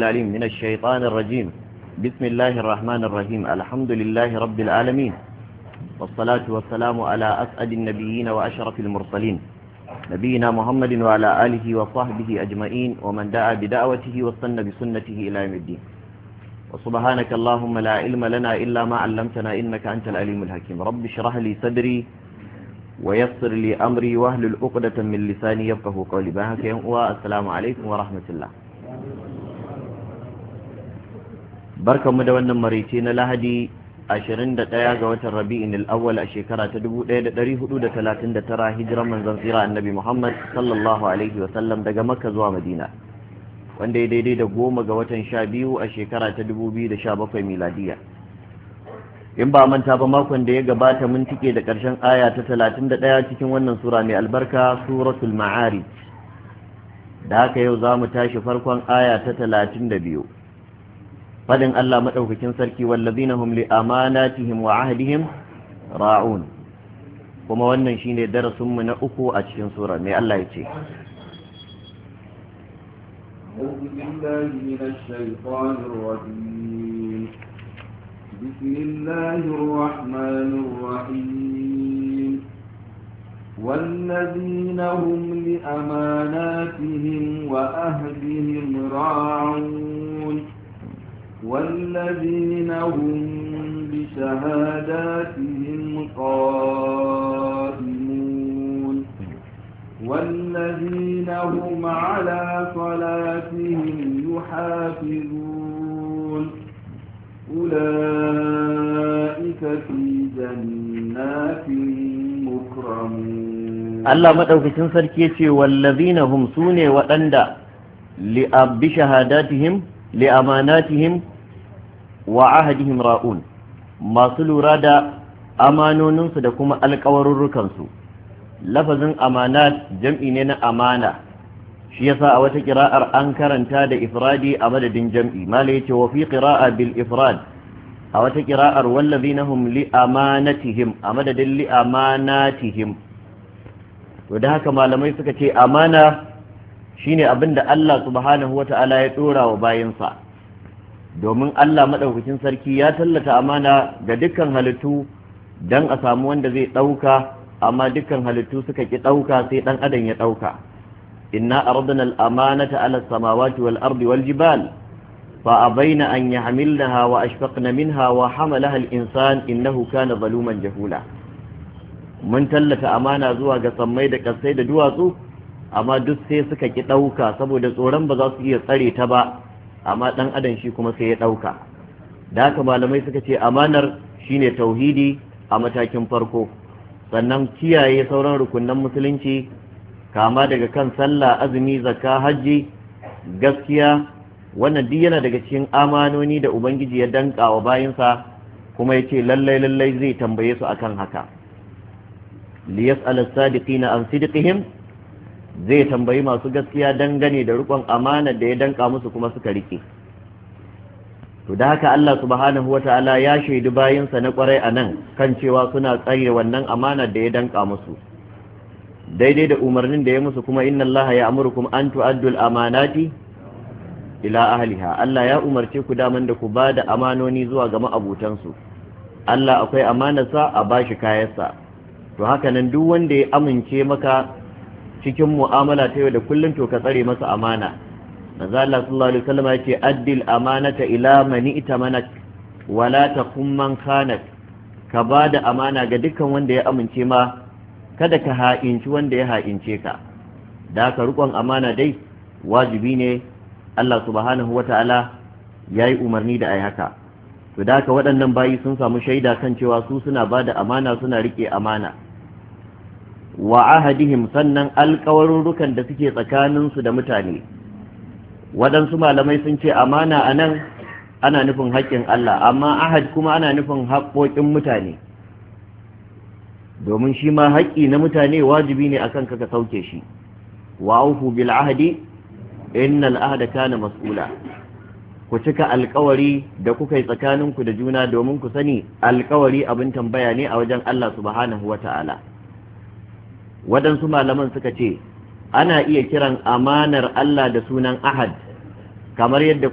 العليم من الشيطان الرجيم بسم الله الرحمن الرحيم الحمد لله رب العالمين والصلاة والسلام على أسعد النبيين وأشرف المرسلين نبينا محمد وعلى آله وصحبه أجمعين ومن دعا بدعوته واستنى بسنته إلى يوم الدين وسبحانك اللهم لا علم لنا إلا ما علمتنا إنك أنت العليم الحكيم رب اشرح لي صدري ويسر لي أمري واهل العقدة من لساني يفقه قولي باهك السلام عليكم ورحمة الله barkanmu da wannan maraice na lahadi 21 ga watan rabi'in al'awwal a shekara ta 1439 hijiran manzon tsira annabi muhammad sallallahu alaihi wasallam daga makka zuwa madina wanda ya daidai da goma ga watan sha biyu a shekara ta 2017 miladiya in ba manta ba makon da ya gabata mun tike da karshen aya ta 31 cikin wannan sura mai albarka suratul ma'arij da haka yau za mu tashi farkon aya ta 32 fadin Allah madaukakin sarki na hum li amanatihim wa ahdihim ra'un kuma wannan shi ne mu na uku a cikin sura mai Allah yace أعوذ بالله من والذين هم لأماناتهم وأهلهم راعون والذين هم بشهاداتهم قائمون والذين هم على صلاتهم يحافظون أولئك في جنات مكرمون الله مدوكتين سركيتي والذين هم سوني وأندى لأب بشهاداتهم لأماناتهم wa ahadihim ra'un masu lura da amanoninsu da kuma alkawarurrukansu lafazin amana jam'i ne na amana shi yasa a wata kira'ar an karanta da ifradi a madadin jam'i mala yace wa fi qira'a bil ifrad a wata kira'ar wallazina hum li amanatihim a madadin li amanatihim to da haka malamai suka ce amana shine abinda Allah subhanahu wata'ala ya dora wa bayinsa domin Allah maɗaukacin sarki ya tallata amana ga dukkan halittu don a samu wanda zai ɗauka amma dukkan halittu suka ƙi ɗauka sai ɗan adam ya ɗauka inna aradna al-amanata ala samawati wal ardi wal jibal fa abaina an yahmilnaha wa ashfaqna minha wa hamalaha al-insan innahu kana zaluman jahula mun tallata amana zuwa ga sammai da ƙasai da duwatsu amma duk sai suka ƙi ɗauka saboda tsoron ba za su iya tsare ta ba amma ɗan adam shi kuma sai ya ɗauka. da haka malamai suka ce amanar shine tauhidi a matakin farko sannan kiyaye sauran rukunan musulunci kama daga kan sallah azumi zakka hajji gaskiya wannan duk yana daga cikin amanoni da ubangiji ya danka wa bayinsa kuma ya ce lallai lallai zai tambaye su akan haka liyas al-sadiqina an sidqihim zai tambayi masu gaskiya dangane da rikon amana da ya danka musu kuma suka rike to da haka Allah subhanahu Ta'ala ya shaidi bayansa na kwarai anan kan cewa suna tsare wannan amana da ya danka musu daidai da umarnin da ya musu kuma inna Allah ya amurkum an tu'addul amanati ila ahliha Allah ya umarce ku daman da ku ba da amanoni zuwa ga su Allah akwai amanarsa a bashi kayarsa. to haka nan duk wanda ya amince maka cikin mu'amala ta yau da kullum to ka tsare masa amana manzo Allah sallallahu alaihi wasallam yake addil amanata ila mani itamanak wala takum man kanat ka bada amana ga dukkan wanda ya amince ma kada ka ha'inci wanda ya ha'ince ka da ka rukon amana dai wajibi ne Allah subhanahu wata'ala yayi umarni da ai haka to da ka waɗannan bayi sun samu shaida kan cewa su suna bada amana suna riƙe amana wa ahadihim sannan alkawarurrukan da suke tsakaninsu da mutane waɗansu malamai sun ce amana a nan ana nufin haƙƙin Allah amma ahad kuma ana nufin haƙƙoƙin mutane domin shi ma haƙƙi na mutane wajibi ne akan kaka sauke shi wa aufu bil ahadi innal ahda kana mas'ula ku cika alƙawari da kuka yi tsakaninku da juna domin ku sani alƙawari abin tambaya ne a wajen Allah subhanahu wata'ala waɗansu malaman suka ce ana iya kiran amanar Allah da sunan ahad kamar yadda